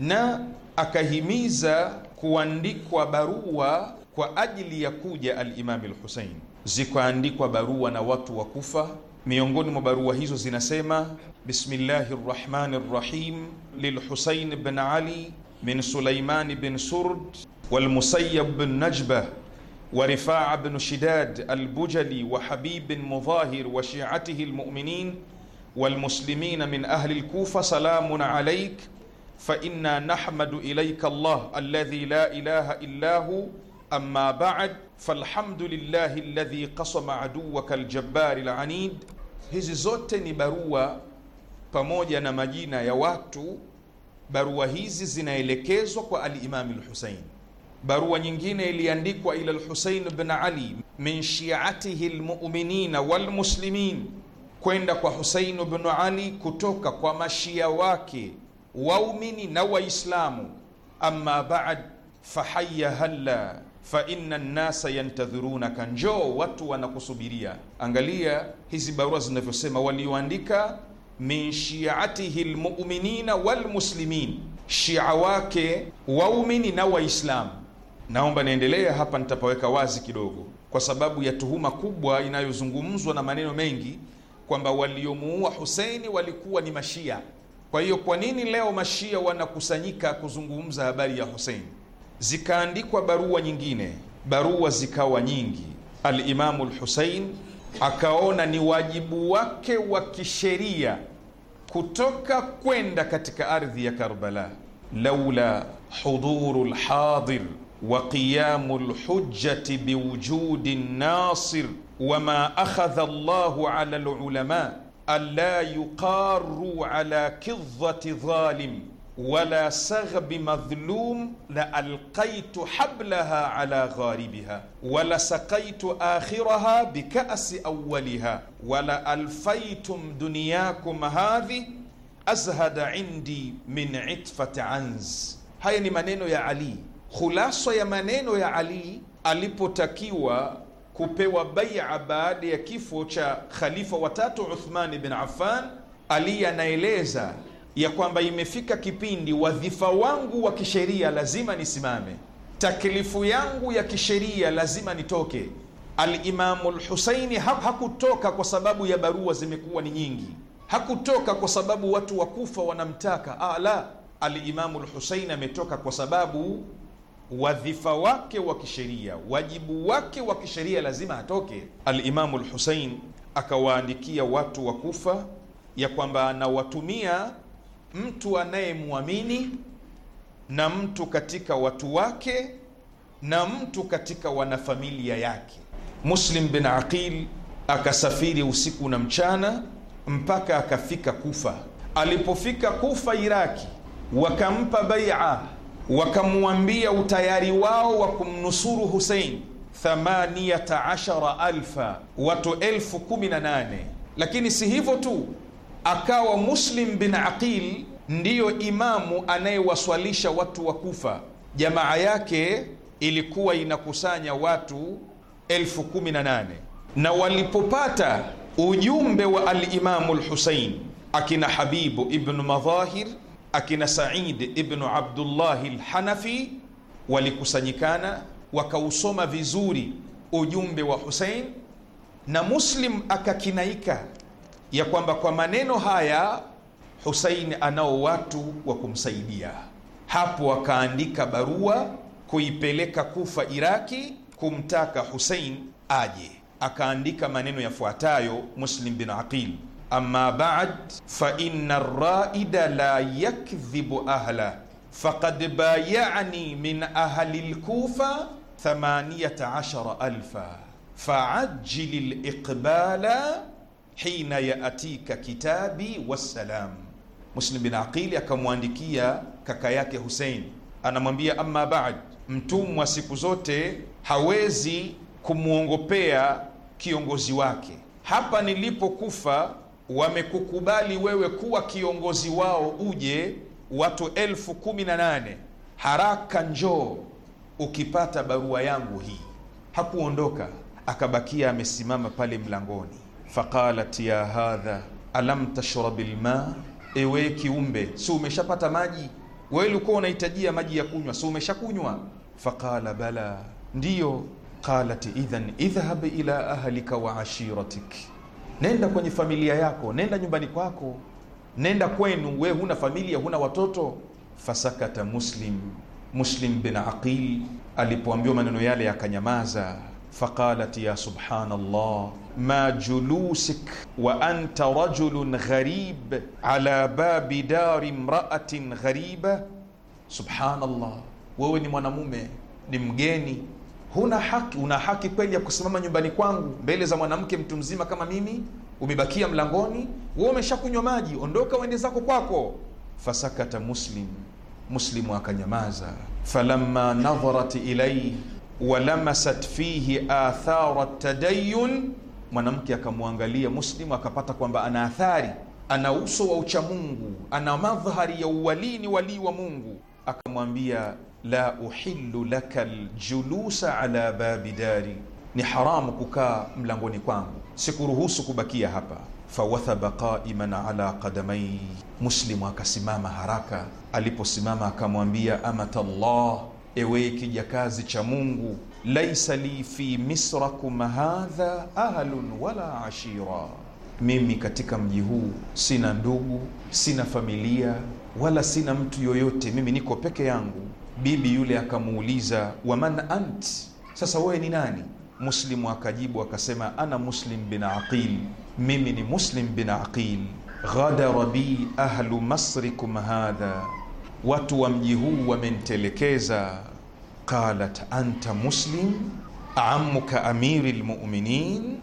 na akahimiza kuandikwa barua kwa ajili ya kuja Alimami Lhusein. Zikaandikwa barua na watu wa Kufa miongoni mwa barua hizo zinasema bismillahi rrahmani rrahim lilhusain bn ali min sulaimani bin surd walmusayab bin najba ورفاع بن شداد البجلي وحبيب مظاهر وشيعته المؤمنين والمسلمين من أهل الكوفة سلام عليك فإنا نحمد إليك الله الذي لا إله إلا هو أما بعد فالحمد لله الذي قصم عدوك الجبار العنيد Hizi zote ni barua pamoja na majina ya watu. Barua hizi zinaelekezwa kwa al-Imam al-Husayn. Barua nyingine iliandikwa ila al-Husayn ibn Ali min shi'atihi al-mu'minina wal-muslimin, kwenda kwa Husayn ibn Ali kutoka kwa mashia wake waumini na Waislamu. Amma ba'd fahayya halla fa inna nnasa yantadhirunaka, njoo watu wanakusubiria. Angalia hizi barua zinavyosema, walioandika min shiatihi lmuminina walmuslimin, shia wake waumini na Waislamu. Naomba niendelee hapa, nitapaweka wazi kidogo, kwa sababu ya tuhuma kubwa inayozungumzwa na maneno mengi kwamba waliomuua Huseini walikuwa ni Mashia. Kwa hiyo, kwa nini leo Mashia wanakusanyika kuzungumza habari ya Huseini? zikaandikwa barua nyingine, barua zikawa nyingi. Alimamu Lhusein akaona ni wajibu wake wa kisheria kutoka kwenda katika ardhi ya Karbala. laula huduru lhadir wa qiyamu lhujjati biwujudi nasir wama akhadha llahu ala lulama an la yuqaru ala kidhati dhalim wala saghbi madhlum la alqaitu hablaha ala gharibiha wala sakaitu akhiraha bikasi awaliha wala alfaitum dunyakum hadhi azhada indi min itfat anz. Haya ni maneno ya Ali, khulasa ya maneno ya Ali alipotakiwa kupewa baia baada ya kifo cha khalifa watatu Uthman bin Affan. Ali anaeleza ya kwamba imefika kipindi wadhifa wangu wa kisheria lazima nisimame, taklifu yangu ya kisheria lazima nitoke. Alimamu Lhusaini hakutoka kwa sababu ya barua zimekuwa ni nyingi, hakutoka kwa sababu watu wa kufa wanamtaka. Ah, la, Alimamu Lhusaini ametoka kwa sababu wadhifa wake wa kisheria, wajibu wake wa kisheria lazima atoke. Alimamu Lhusain akawaandikia watu wa Kufa ya kwamba anawatumia mtu anayemwamini na mtu katika watu wake na mtu katika wanafamilia yake. Muslim bin Aqil akasafiri usiku na mchana mpaka akafika Kufa. Alipofika Kufa Iraki, wakampa baia, wakamwambia utayari wao wa kumnusuru Husein 8 ashara alfa, watu elfu kumi na nane. Lakini si hivyo tu akawa Muslim bin Aqil ndiyo imamu anayewaswalisha watu wa Kufa. Jamaa yake ilikuwa inakusanya watu elfu kumi na nane na walipopata ujumbe wa alimamu Lhusein, akina Habibu ibnu Madhahir, akina Said ibnu Abdullahi Lhanafi walikusanyikana wakausoma vizuri ujumbe wa Husein, na Muslim akakinaika ya kwamba kwa maneno haya Husaini anao watu wa kumsaidia. Hapo akaandika barua kuipeleka Kufa, Iraki, kumtaka husein aje. Akaandika maneno yafuatayo, Muslim bin Aqil: amma ba'd fa inna ar-ra'ida la yakdhibu ahla faqad bay'ani min ahli al-Kufa 18000 fa'ajjil al-iqbala hina yaatika kitabi wassalam. Muslim bin Aqili akamwandikia kaka yake Husein, anamwambia amma baad, mtumwa siku zote hawezi kumwongopea kiongozi wake. Hapa nilipokufa wamekukubali wewe kuwa kiongozi wao, uje watu elfu kumi na nane haraka njoo ukipata barua yangu hii. Hakuondoka, akabakia amesimama pale mlangoni faqalat ya hadha alam tashrab alma, ewe kiumbe, si umeshapata maji? Wewe ulikuwa unahitajia maji ya kunywa, si umeshakunywa? Faqala bala, ndiyo. Qalat idhan idhhab ila ahlika wa ashiratik, nenda kwenye familia yako, nenda nyumbani kwako, nenda kwenu. We huna familia, huna watoto. Fasakata Muslim, Muslim bin Aqil alipoambiwa maneno yale akanyamaza faqalat ya subhanallah ma julusik wa anta rajulun gharib ala babi dari mraatin ghariba. Subhanallah, wewe ni mwanamume, ni mgeni, huna haki. Una haki kweli ya kusimama nyumbani kwangu mbele za mwanamke mtu mzima kama mimi? Umebakia mlangoni, wewe umeshakunywa maji, ondoka uende zako kwako. Fasakata Muslim, Muslimu akanyamaza. Falamma nadharat ilayhi walamasat fihi athara tadayun, mwanamke akamwangalia Muslimu akapata kwamba ana athari, ana uso wa ucha mungu ana madhhari ya uwalini, walii wa Mungu. Akamwambia, la uhillu laka ljulusa ala babi dari, ni haramu kukaa mlangoni kwangu, sikuruhusu kubakia hapa. Fawathaba qaiman ala qadamai, Muslimu akasimama haraka. Aliposimama akamwambia, amatallah ewe kijakazi cha Mungu, laisa li fi misrakum hadha ahlun wala ashira, mimi katika mji huu sina ndugu, sina familia wala sina mtu yoyote, mimi niko peke yangu. Bibi yule akamuuliza waman ant, sasa wewe ni nani? Muslimu akajibu akasema, ana Muslim bin Aqil, mimi ni Muslim bin Aqil. Ghadara bi ahlu masrikum hadha, watu wa mji huu wamentelekeza qalat anta muslim amuka amiri lmuminin,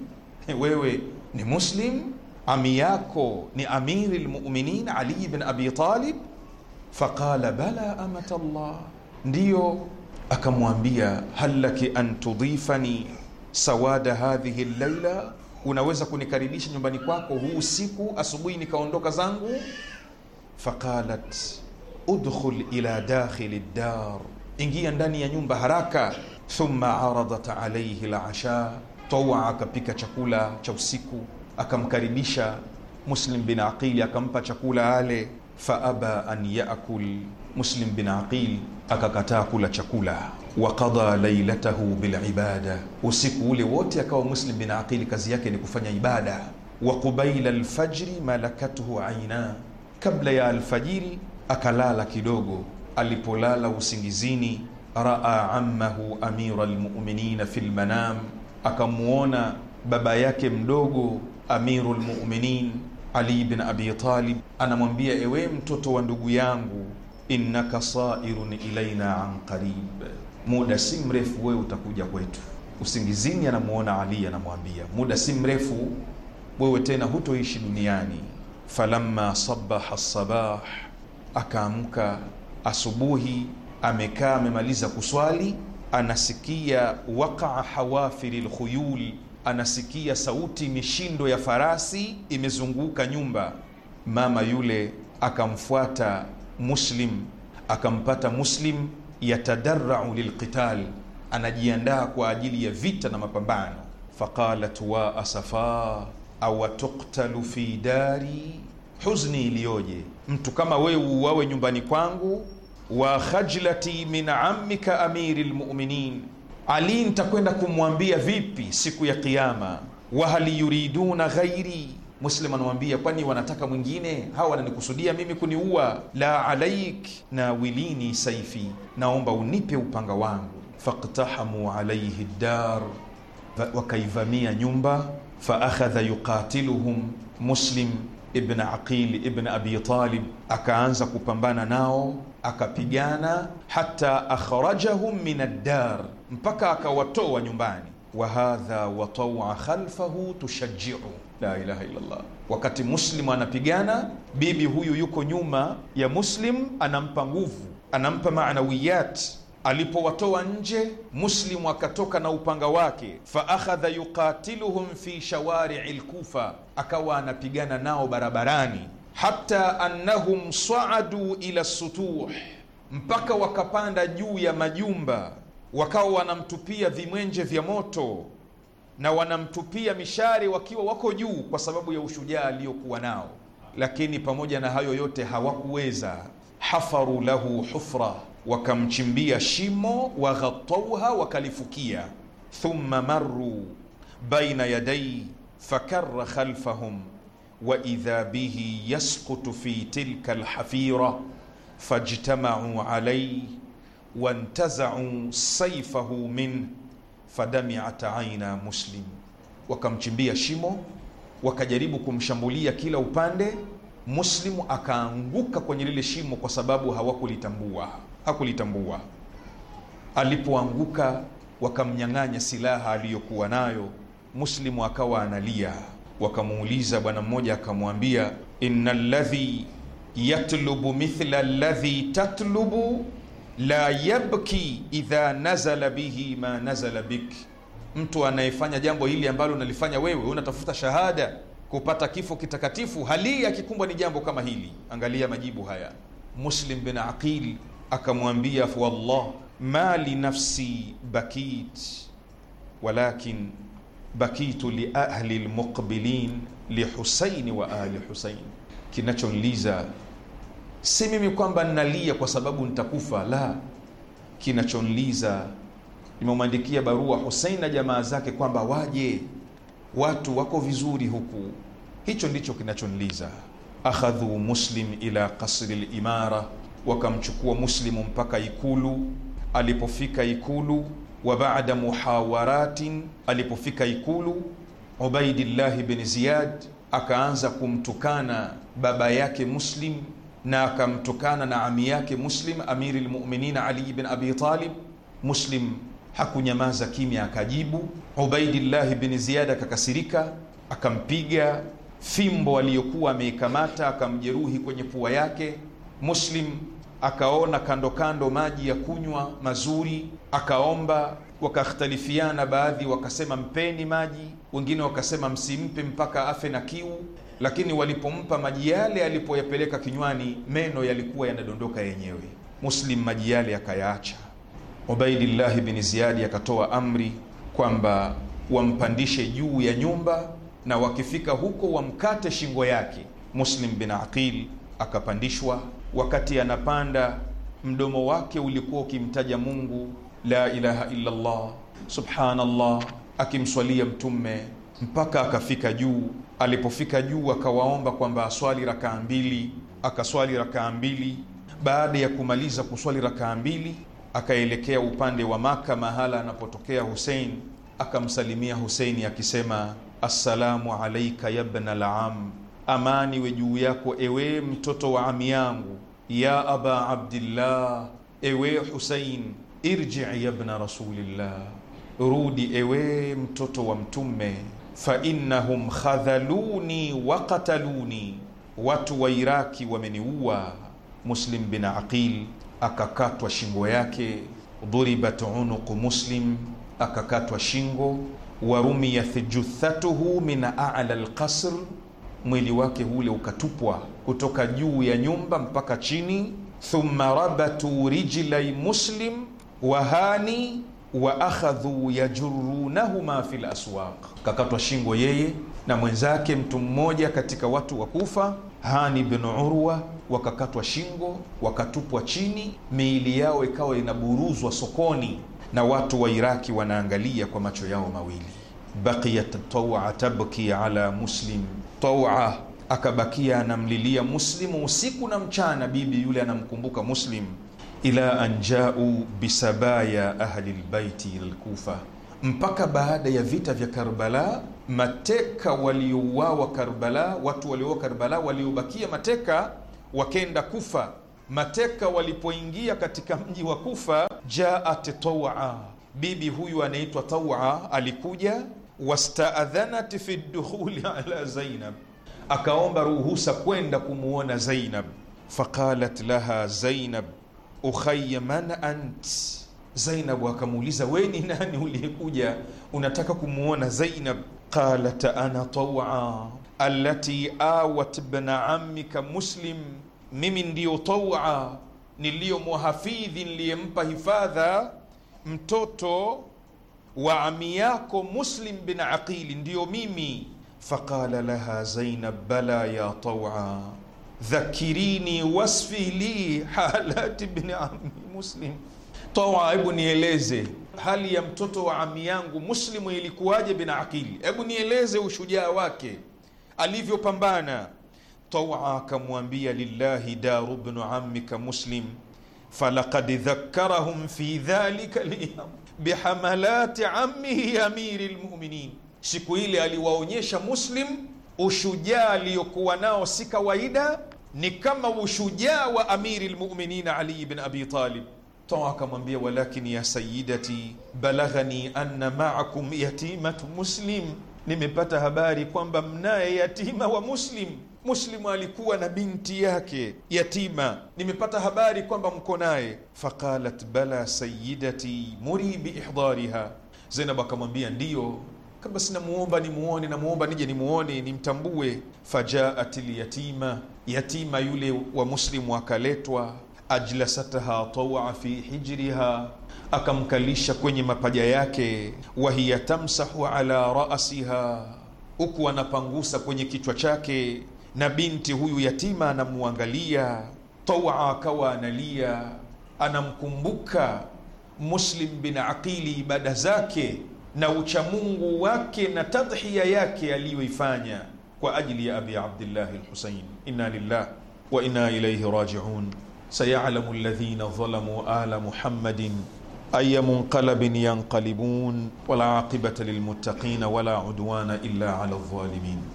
wewe ni muslim, ami yako ni amiri lmuminin Ali bin Abi Talib. Faqala bala amata llah, ndiyo. Akamwambia hal laki an tudifani sawada hadhihi llaila, unaweza kunikaribisha nyumbani kwako huu usiku, asubuhi nikaondoka zangu. Faqalat udkhul ila dakhili ddar ingia ndani ya nyumba haraka. Thumma aradat alaihi lasha tawa, akapika chakula cha usiku akamkaribisha Muslim bin Aqil akampa chakula ale. Faaba an yakul, Muslim bin Aqil akakataa kula chakula. Waqada lailatahu bilibada, usiku ule wote akawa Muslim bin Aqil kazi yake ni kufanya ibada. Wa qubaila alfajri malakathu aina, kabla ya alfajiri akalala kidogo alipolala usingizini, raa ammahu amira lmuminina fi lmanam, akamwona baba yake mdogo amiru lmuminin Ali bin Abi Talib anamwambia, ewe mtoto wa ndugu yangu, innaka sairun ilaina an qarib, muda si mrefu wewe utakuja kwetu. Usingizini anamwona Ali, anamwambia muda si mrefu wewe tena hutoishi duniani. Falamma sabaha sabah, akaamka asubuhi amekaa amemaliza kuswali, anasikia waqaa hawafiri lkhuyul, anasikia sauti mishindo ya farasi imezunguka nyumba. Mama yule akamfuata Muslim, akampata Muslim yatadarau lilqital, anajiandaa kwa ajili ya vita na mapambano. Faqalat wa asafa awatuktalu fi dari huzni, iliyoje! Mtu kama wewe uwawe nyumbani kwangu wa khajlati min ammika amiri lmuminin, Ali nitakwenda kumwambia vipi siku ya Kiyama. Wa hal yuriduna ghairi Muslim anamwambia kwani wanataka mwingine? Hawa wananikusudia mimi kuniua. La alaik na wilini saifi, naomba unipe upanga wangu. Faktahamu alaihi dar, wakaivamia nyumba. Fa akhadha yuqatiluhum Muslim ibn Aqil ibn Abi Talib akaanza kupambana nao, akapigana hata akhrajahum min ad-dar, mpaka akawatoa nyumbani. Wa hadha wa tawa khalfahu tushajjiu la ilaha illa Allah. Wakati Muslim anapigana, bibi huyu yuko nyuma ya Muslim, anampa nguvu, anampa maanawiyat alipowatoa nje, Muslimu akatoka na upanga wake, fa akhadha yuqatiluhum fi shawari'i lkufa, akawa anapigana nao barabarani, hatta annahum saadu ila sutuh, mpaka wakapanda juu ya majumba, wakawa wanamtupia vimwenje vya moto na wanamtupia mishari wakiwa wako juu, kwa sababu ya ushujaa aliyokuwa nao. Lakini pamoja na hayo yote hawakuweza, hafaru lahu hufra wakamchimbia shimo, waghatauha, wakalifukia. Thumma marru baina yadai fakarra khalfahum idha bihi yasqutu fi tilka alhafira fajtamau alayhi wantazau saifahu min fadamiat aina muslim, wakamchimbia shimo wakajaribu kumshambulia kila upande. Muslimu akaanguka kwenye lile shimo kwa sababu hawakulitambua hakulitambua. Alipoanguka wakamnyang'anya silaha aliyokuwa nayo, Muslimu akawa analia. Wakamuuliza, bwana mmoja akamwambia, inna ladhi yatlubu mithla ladhi tatlubu la yabki idha nazala bihi ma nazala bik, mtu anayefanya jambo hili ambalo unalifanya wewe, unatafuta shahada kupata kifo kitakatifu, hali akikumbwa ni jambo kama hili. Angalia majibu haya Muslim bin Aqil akamwambia wallah ma li nafsi bakit walakin bakitu li ahli lmuqbilin li Husaini wa ahli Husain, kinachonliza si mimi kwamba nnalia kwa sababu nitakufa, la, kinachonliza nimemwandikia barua Husain na jamaa zake kwamba waje, watu wako vizuri huku. Hicho ndicho kinachonliza. akhadhu muslim ila qasri limara wakamchukua Muslimu mpaka Ikulu. Alipofika Ikulu, wa baada muhawaratin, alipofika Ikulu, Ubaidillahi bin Ziyad akaanza kumtukana baba yake Muslim na akamtukana na ami yake Muslim, Amiri lmuminin Ali bin Abi Talib. Muslim hakunyamaza kimya, akajibu. Ubaidillahi bin Ziyad akakasirika, akampiga fimbo aliyokuwa ameikamata, akamjeruhi kwenye pua yake. Muslim akaona kando kando maji ya kunywa mazuri, akaomba. Wakakhtalifiana, baadhi wakasema mpeni maji, wengine wakasema msimpe mpaka afe na kiu. Lakini walipompa maji yale, alipoyapeleka kinywani, meno yalikuwa yanadondoka yenyewe. Muslim maji yale akayaacha. Ubaidillahi bin Ziyadi akatoa amri kwamba wampandishe juu ya nyumba na wakifika huko wamkate shingo yake. Muslim bin Aqil akapandishwa wakati anapanda mdomo wake ulikuwa ukimtaja Mungu, la ilaha illa Allah, subhanallah, akimswalia Mtume mpaka akafika juu. Alipofika juu, akawaomba kwamba aswali rakaa mbili, akaswali rakaa mbili. Baada ya kumaliza kuswali rakaa mbili, akaelekea upande wa Maka, mahala anapotokea Husein, akamsalimia Huseini akisema assalamu alaika yabna al-am, amani we juu yako ewe mtoto wa ami yangu ya aba abdillah, ewe Husain, irji yabna rasulillah, rudi ewe mtoto wa Mtume. Fa innahum khadhaluni wa qataluni, watu wa Iraki wameniua. Muslim bin Aqil akakatwa shingo yake, dhuribat unuqu Muslim, akakatwa shingo. Warumiyat juthatuhu min a'la alqasr mwili wake ule ukatupwa kutoka juu ya nyumba mpaka chini. Thumma rabatu rijlai muslim wahani wa akhadhu yajurunahuma fi laswaq, kakatwa shingo yeye na mwenzake mtu mmoja katika watu wa Kufa, Hani bin Urwa, wakakatwa shingo wakatupwa chini, miili yao ikawa inaburuzwa sokoni na watu wa Iraki wanaangalia kwa macho yao mawili. Baqiyat tawa tabki ala muslim taua akabakia anamlilia Muslimu usiku na mchana, bibi yule anamkumbuka Muslim, ila anjau bisabaya ahli lbaiti lkufa, mpaka baada ya vita vya Karbala mateka waliouawa Karbala, watu waliouawa Karbala waliobakia mateka wakenda Kufa. Mateka walipoingia katika mji wa Kufa, jaat taua, bibi huyu anaitwa Taua alikuja wasta'adhanat fi dukhuli ala Zainab, akaomba ruhusa kwenda kumuona Zainab. Faqalat laha Zainab ukhayya man ant, Zainab akamuuliza we ni nani uliyekuja unataka kumuona Zainab? Qalat ana tawa allati awat bna amika Muslim, mimi ndiyo tawa niliyomwahafidhi niliyempa hifadha mtoto wa ami yako Muslim bin Aqili ndiyo mimi. Faqala laha Zainab bala ya tawa dhakirini wasfi li halati bin ami Muslim. Tawa, hebu nieleze hali ya mtoto wa ami yangu Muslimu ilikuwaje? Bin Aqili, hebu nieleze ushujaa wake alivyopambana. Tawa akamwambia lillahi daru bnu amika Muslim falakad dhakarahum fi dhalika liyam bihamalati ammihi amiri lmuminin, siku ile aliwaonyesha Muslim ushujaa aliyokuwa nao si kawaida, ni kama ushujaa wa amiri lmuminin Ali bin Abi Talib. Toa akamwambia, walakin ya sayidati balaghani anna maakum yatimatu muslim, nimepata habari kwamba mnaye yatima wa Muslim. Muslimu alikuwa na binti yake yatima, nimepata habari kwamba mko naye. Faqalat bala sayyidati muri biihdariha, Zainab akamwambia ndiyo kama sinamuomba nimuone, namuomba nije nimuone nimtambue. Fajaat lyatima, yatima yule wa Muslimu akaletwa. Ajlasatha tawa fi hijriha, akamkalisha kwenye mapaja yake. Wahiya tamsahu ala rasiha, huku anapangusa kwenye kichwa chake na binti huyu yatima anamwangalia tawa kawa analia, anamkumbuka Muslim bin Aqili ibada zake na uchamungu wake na tadhhiya yake aliyoifanya kwa ajili ya Abi Abdillah al-Husayn. Inna lillah wa inna ilayhi raji'un. Sayalamu alladhina zalamu ala Muhammadin aya munqalabin yanqalibun wala aqibata lilmuttaqin wala udwana illa ala adh-dhalimin.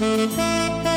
Música